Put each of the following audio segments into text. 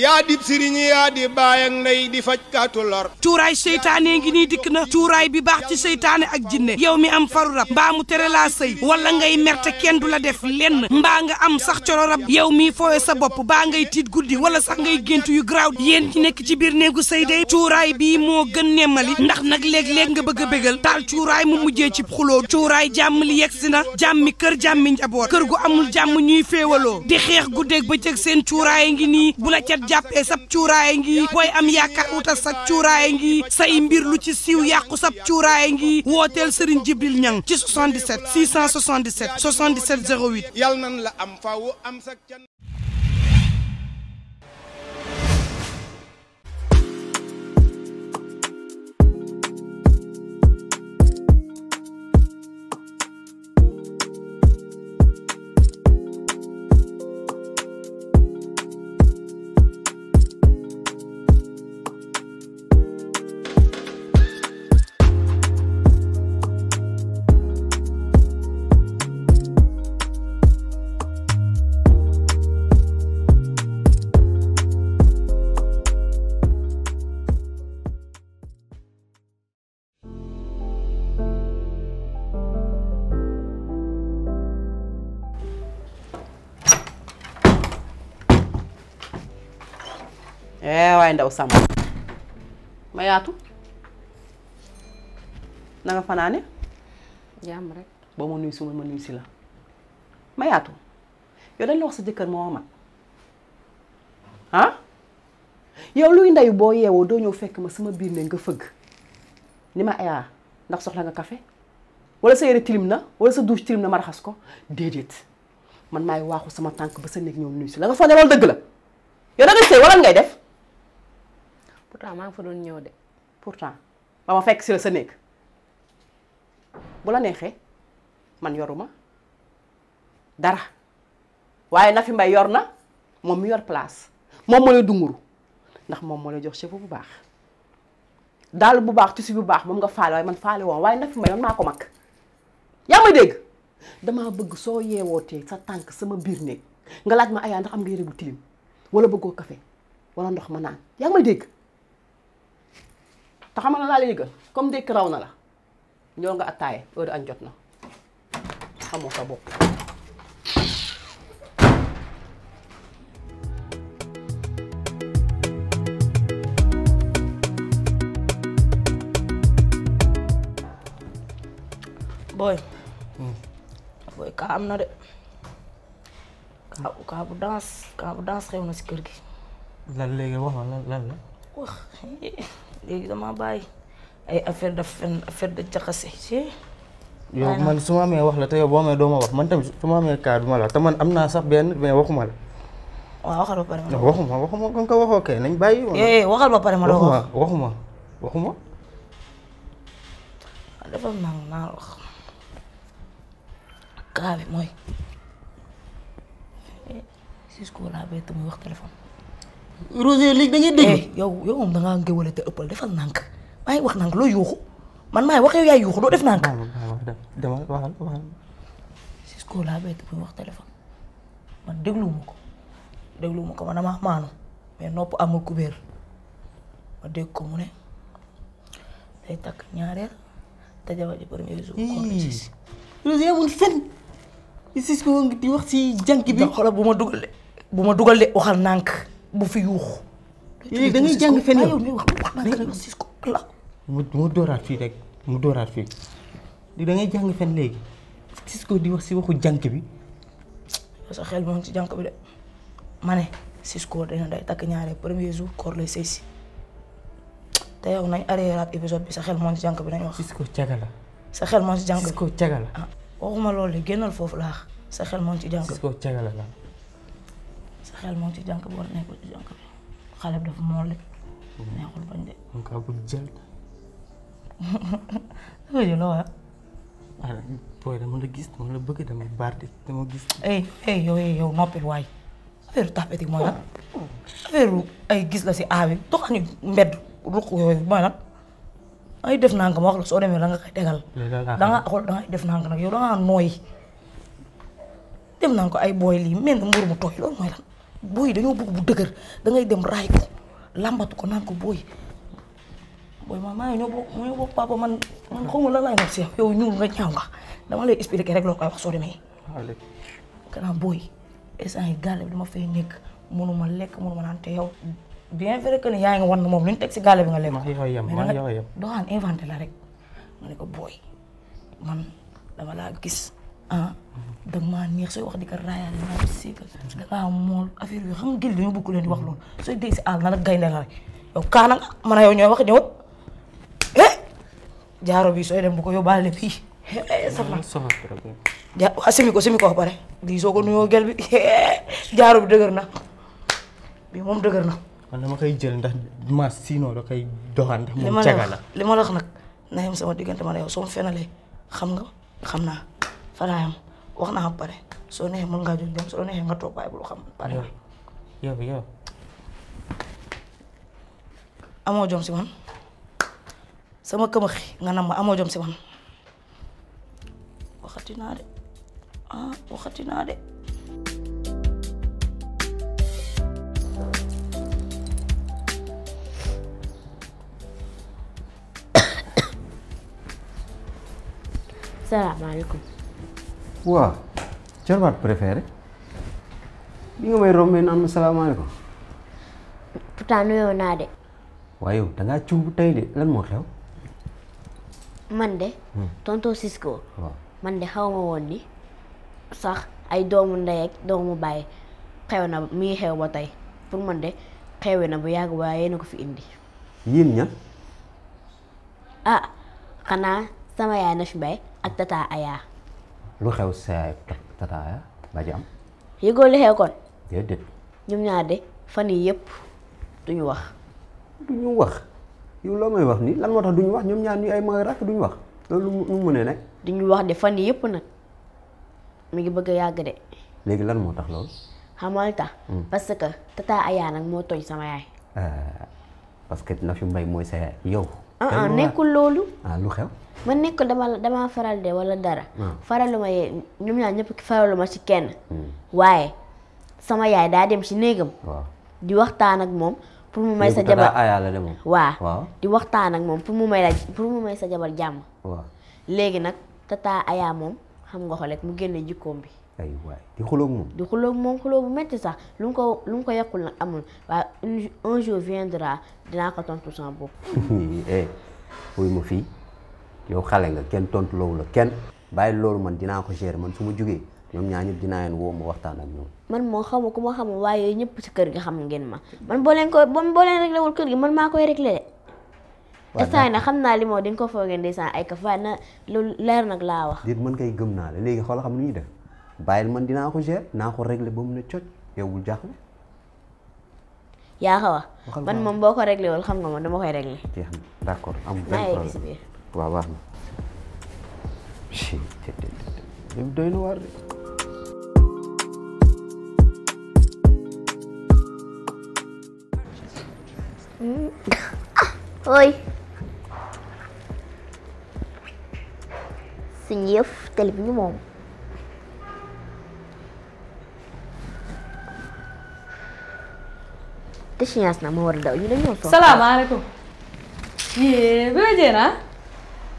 yaa dib sëriñ yaa di baay ak ndey di fajkatu lor cuuraay seytaane ngi nii dikk na cuuraay bi baax ci seytaane ak jinne yow mi am faru rab mbaa mu tere laa sëy wala ngay merte kenn du la def lenn mbaa nga am sax coro rab yow mi fooye sa bopp baa ngay tiit guddi wala sax ngay gént yu garaaw yéen ci nekk ci biir néegu sëy day cuuraay bii moo gën nemmali ndax nag léeg-léeg nga bëgg bëggal bégal taal cuuraay mu mujjee ci xuloo cuuraay jàmm li yegg si na jàmmi kër jàmmi njaboot kër gu amul jàmm ñuy féewaloo di xeex guddeeg bëccëg seen cuuraay ngi nii bu la jàppee sab cuuraay ngi booy am yaakaar ta sa cuuraay ngi say mbir lu ci siiw yàqu sab cuuraay ngi wooteel Serigne Jibril Niang ci 77 677 77 08 yal nan la am faaw am sa can Ndaw Samb ma yaatu na nga fanaane jàmm rek boo ma nuyu si ma nuyu si la ma yaatu yow dañ la wax sa jëkkër moo mag ah yow luy ndeyu boo yeewoo doo ñëw fekk ma sama biir ne nga fëgg ni ma ayaa ndax soxla nga café wala sa yére tilim na wala sa douche tilim na ma raxas ko déedéet man maay waaxu sama tànk ba sa néeg ñëw nuyu si la nga foog ne loolu dëgg la yow da sëy wala ngay def pourtant maa ngi fa doon ñëw de pourtant ba ma fekk si la sa néeg bu la neexee man yoruma dara waaye Nafi Mbaye yor na moom mu yor place moom moo lay dunguru ndax moom moo lay jox cheveux bu baax daal bu baax tissu bu baax moom nga faale waaye man faale woon waaye Nafi Mbaye man maa ko mag yaa may dégg damaa bëgg soo yeewootee sa tànk sama biir néeg nga laaj ma ayaa ndax am nga yére bu tilim wala bëggoo café wala ndox ma naan yaa may dégg te xam nga laa la yëgal comme ndékk raw na la ñoo nga attaaye heure añ jot na xamoo sa bopp booy hmm. booy kaa am na de kaa kaa bu danse kaa xew na si kër gi lan léegi wax ma lan la wax léegi dama bàyyi ay affaire de fen affaire de jaxase si. man su ma amee wax la te yow boo amee doo wax man tamit su ma amee kaa du la te man am naa sax benn mais waxuma ma doog waxuma ko waxoo kay nañ bàyyi. Eh, eh waxal ba pare ma doog wax kaa bi mooy Cisco eh, laa béy te muy wax téléphone. Rosé léegi dañuy dégg. Eh, yow yow moom da ngaa ngéwale te ëppal defal nànk maa wax nànk loo yuuxu man maa ngi wax yow yaay yuuxu doo def nànk. demal waxal waxal. Cisco laa bett buy wax téléphone man dégluwuma ko dégluwuma ko man dama maanu mais nopp amul kubéer ma dégg ko mu ne day takk ñaareel te jabar ji premier jour. Rosé amul fen Cisco ngi di wax si jànk bi. xoolal bu ma dugal de bu ma dugal de waxal nànk. bu fi yuux. yéen da ngay jàng fenn yow wax wax la. mu mu dooraat fii rek mu dooraat fii di da ngay jàng fen léegi Cisco di wax eh. si waxu jànk bi. sa xel moom si jànk bi de ma ne Cisco dana day takk ñaare premier jour koor lay sëy si te yow nañ arrêté épisode bi sa xel moom si jànk bi nañ wax. Cisco caga sa xel moom si jànk Cisco caga waxuma loolu de génnal foofu sa xel moom si jànk Cisco caga la. sa xel moom ci jànk bi war nekkul ci jànk bi xale bi dafa moole mm-hmm. ah, la gis dama la bëgg dama baar de gis ey ey yow ey yow noppi gis la si aabi doxañu mbedd ruq yooyu mooy lan ay def naa nga ma wax la soo demee la nga koy tegal danga xool dangay def naa nag yow dangaa nooy def naa ko ay booy lii mel mburu mu tooy loolu mooy lan booy dañoo bëgg bu dëgër dangay ngay dem raay ko làmbatu ko naan ko booy booy ma maa ngi ñoo bokk ñoo bokk papa man man xaw ma lan laay wax si yow ñuul nga ñaaw nga dama lay expliquer rek loo ko wax soo demee. waaw kanam booy instant yi gàlle bi dama fay nekk mënuma lekk mënuma naan yow bien vrai yaa ngi wan moom lu ñu teg si gàlle bi nga lekk. mais doo xam inventé la rek ma ne ko booy man dama laa gis. ah danga maa neex sooy wax di ko raayaale naa si que la gaynde la rek yow kaana a yow ñooy wax eh, jaaro bi sooy bu ko yóbbaale fii eh, eh, saf na ja ah, simi ko simi bi jaaro na bi moom dëgër na man dama ma sinon da koy doxaan ndax moom caga li ma la nag na sama diggante man a yow soo ma fenalee xam nga xam naa Faraayam wax naa pare soo neexee mën ngaa jóg dem soo neexee nga toog waaye bul xam pare. yow yow. amoo jom si man sama këmax nga nam ma amoo jom si man waxati naa de ah waxati naa de. waaw jarbaat préféré bi nga may rombee naan ma salaamaaleykum. pourtant nuyoo naa de. waaye yow da ngaa tey de lan moo xew. man de. Hmm. tonton Cisco. man de xaw ma woon ni sax ay doomu ndey ak doomu baay xew na mi xew ba tey pour man de xewee na bu yàgg waaye na ko fi indi. yéen ña. ah xanaa sama yaay na fi bay ak tata Aya. lu xew sa tataaya ba ci am. yëgoo kon. déedéet. fan yii yëpp duñu wax. duñu wax yow loo may wax nii lan moo tax duñu wax ñoom ñaar ñu ay mag rakk duñu wax loolu lu mu mënee nag. duñu wax de fan yii yëpp nag mu ngi bëgg a yàgg de. léegi lan moo tax loolu. xamal tax. Hmm. parce que tata nag moo tooñ sama yaay. Euh, parce que Nafi mooy sa yaay yow. ah, ah nekkul loolu. ma ah, lu xew. man nekkul dama damaa faral de walla dara. Ah. faraluma ye ñoom ñaar ñëpp faraluma ci kenn. Hmm. waaye sama yaay daa dem ci néegam. di waxtaan ak moom. pour mu may sa jabar waaw di waxtaan ak moom pour mu may la mu may sa jabar jàmm. léegi nag tata ayaa moom xam nga xool rek mu génne jikkoom bi. ay di xulóog moom. di xulóog moom xulóog bu métti sax lu mu ko lu mu ko yekkul nag amul waaye un viendra dinaa ko tontu sama bopp. eh wuy ma fii yow xale nga kenn tontu loolu kenn bàyyi loolu man dinaa ko gérer man su ma jugee ñoom ñaa ñëpp dinaa leen woo ma waxtaan ak ñoom. man moo xamu ku ma xamu waaye ñëpp ci kër gi xam ngeen ma man boo leen ko boo leen réglé kër gi man maa koy réglé de. waaw na xam naa li moo di nga ko foogee ndeysaan ay kaf waaye na loolu leer nag laa wax. déet man kay gëm naa la léegi xool xam nu ñuy def. bàyyil man dinaa ko gérer naa ko régler ba mu ne cocc yow bul jaaxle. yaa ko man moom boo ko réglé wul xam nga moom koy réglé. jeex na d' accord amul benn problème doy na waar de. ooy suñu yëf télé bi ñu moom. échéance nag a daw ñu dañoo soog. salaamaaleykum. yee ba la jéem ah.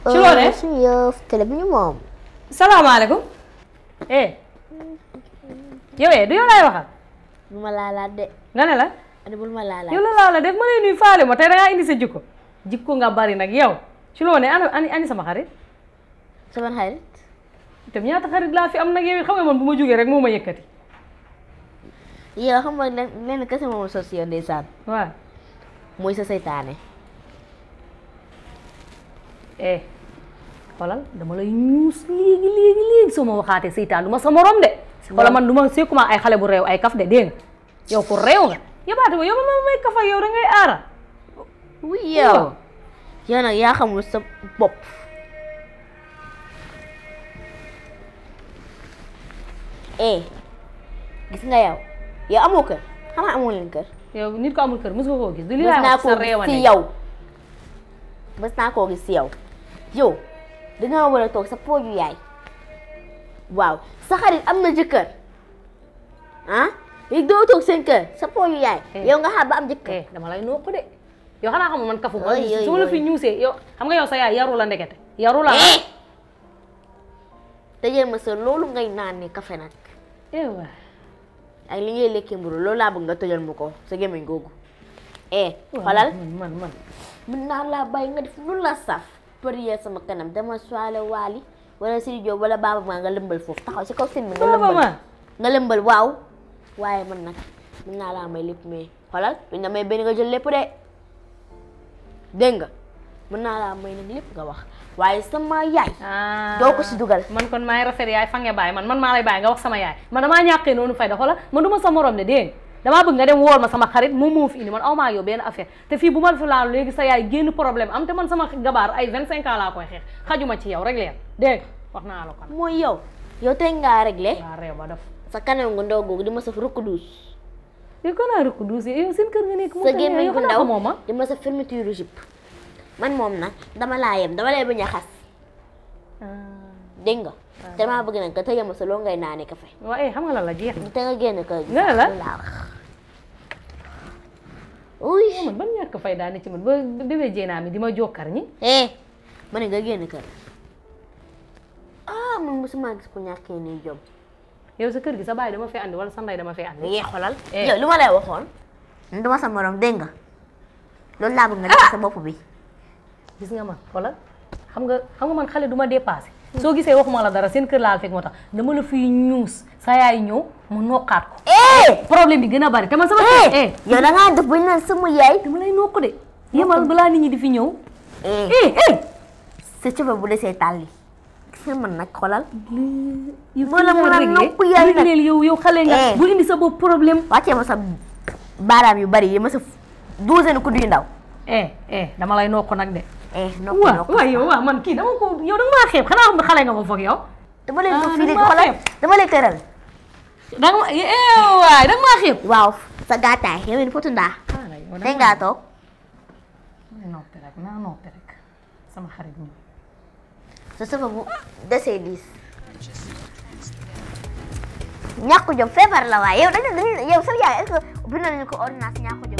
ci loo ne suñu yëf télé yow eh du yow laay waxal. bu ma laalaat de. nga ne la. ne bul ma laalaat yow la laala def ma lay nuyu faale ma tey da ngaa indi sa jikko. jikko nga bari nag yow. ci loo ne ani ani sama xarit. sama xarit. itam ñaata xarit laa fi am nag yow it xam nga man bu ma jógee rek moo ma yekkati yow yeah, xam nga moom sos yow ndeysaan waaw mooy sa seytaane eh xoolal dama lay ñuus léegi léegi léegi soo ma waxaatee seytaan du ma sa morom de xoolal man du ma sekkuma ay xale bu réew ay kaf de dégg nga yow ko réew nga yobaate ma yow ma may kafa yow da ngay aara wi yow nag yaa xamul sa bopp eh gis nga yow yow amoo kër xanaa amoo leen kër. yow naa koo gis si yow. mës naa koo gis a toog sa pooju yaay waaw sa am na jëkkër ah léegi doo toog seen kër sa pooju yaay. Eh. yow nga xaar ba am jëkkër. Eh, dama lay noo de yow xanaa man kafu ma su ma la xam nga yow sa yaay yaru la ndekete yaru la. te eh! ah. loolu ngay naan ne kafe nag. ak li ngay lekkee mburu loolu laa bëgg nga tëjal mu ko sa gémmiñ googu eh xolal man man mën naa laa bàyyi nga def lu la saf prière kanam dama soile waali wala Sidi Diop wala Baba Ma nga lëmbal foofu taxaw si kaw seen bi nga lëmbal nga lëmbal waaw waaye man nag mën naa laa may lépp mais xolal duñ na may benn nga jël lépp de mën mainin laa may nag lépp nga wax waaye sama yaay. Ah. do ko si dugal. man kon may rafet yaay fan nga ya man man maa lay bàyyi nga wax sama yaay man damaa ñàkkee fay fayda xoola man duma sama rom morom de dama bëgg nga dem wol ma sama xarit fi man aw affaire te fi buma fi laal sa yaay génn problème am te man sama gabar. ay 25 ans la koy xex xajuma ci yow rek leen dégg wax naa la ko. mooy yow yow tey nga réglé. waaw réew ba def sa kanam nga ndaw gog di ma saf rukk duus. yow rukudus. naa rukk yow seen kër nga nek mo sa di ma sa fermeture jupe man moom nag dama laa yem dama lay bañ a xas. Ah. dégg nga. Ah. te maa bëgg nag nga tëjee ma sa loo ngay naanee kafe. waaye eh, xam nga la la jeex. te nga génn kër gi. nga man ban ñàkk fay daane ci man ba bébé jéenaa mi di ma jokkar ñi. Eh, ma ah, gis ku ñàkkee nii jom. yow sa kër gi sa baay dama fee andi wala sa ndey dama fee andi. yee eh, xolal yow lu ma lay waxoon. duma sa morom dégg nga loolu laa bëgg nga def sa bopp bi. gis nga man wala xam nga xam nga man xale duma ma dépassé soo gisee waxuma la dara seen kër laal fekk moo tax dama la fiy ñuus sa yaay ñëw mu nokkaat ko eh! problème bi gën a bari te man sama eh! Eh. yow da ngaa def bu ñu naan sama yaay dama lay nokk de yemal balaa nit ñi di fi ñëw sa cëfa bu desee tàlli gis man nag xolal moo la mën a nokk yaay nag yow yow xale bu indi sa bopp problème wàccee ma sa baaraam yu bari yi ma sa douzaine ku duy ndaw eh dama lay nokk nag de nokku nokku waaw yow waaw man kii dama ko yow danga maa xeeb xanaa xam ne xale nga ma foog yow. dama leen ko fili xoolal dama leen tëral. danga ma waay danga maa xeeb. waaw sa gàttaay yow in fotu ndaa. tey ngaa toog. noppi rek naa noppi rek sama xarit ñu. su sa bu desee diis. ñàkk jom feebar la waaye yow dañu yow sax yaa est-ce que bindal nañu ko ordonnance ñàkk jom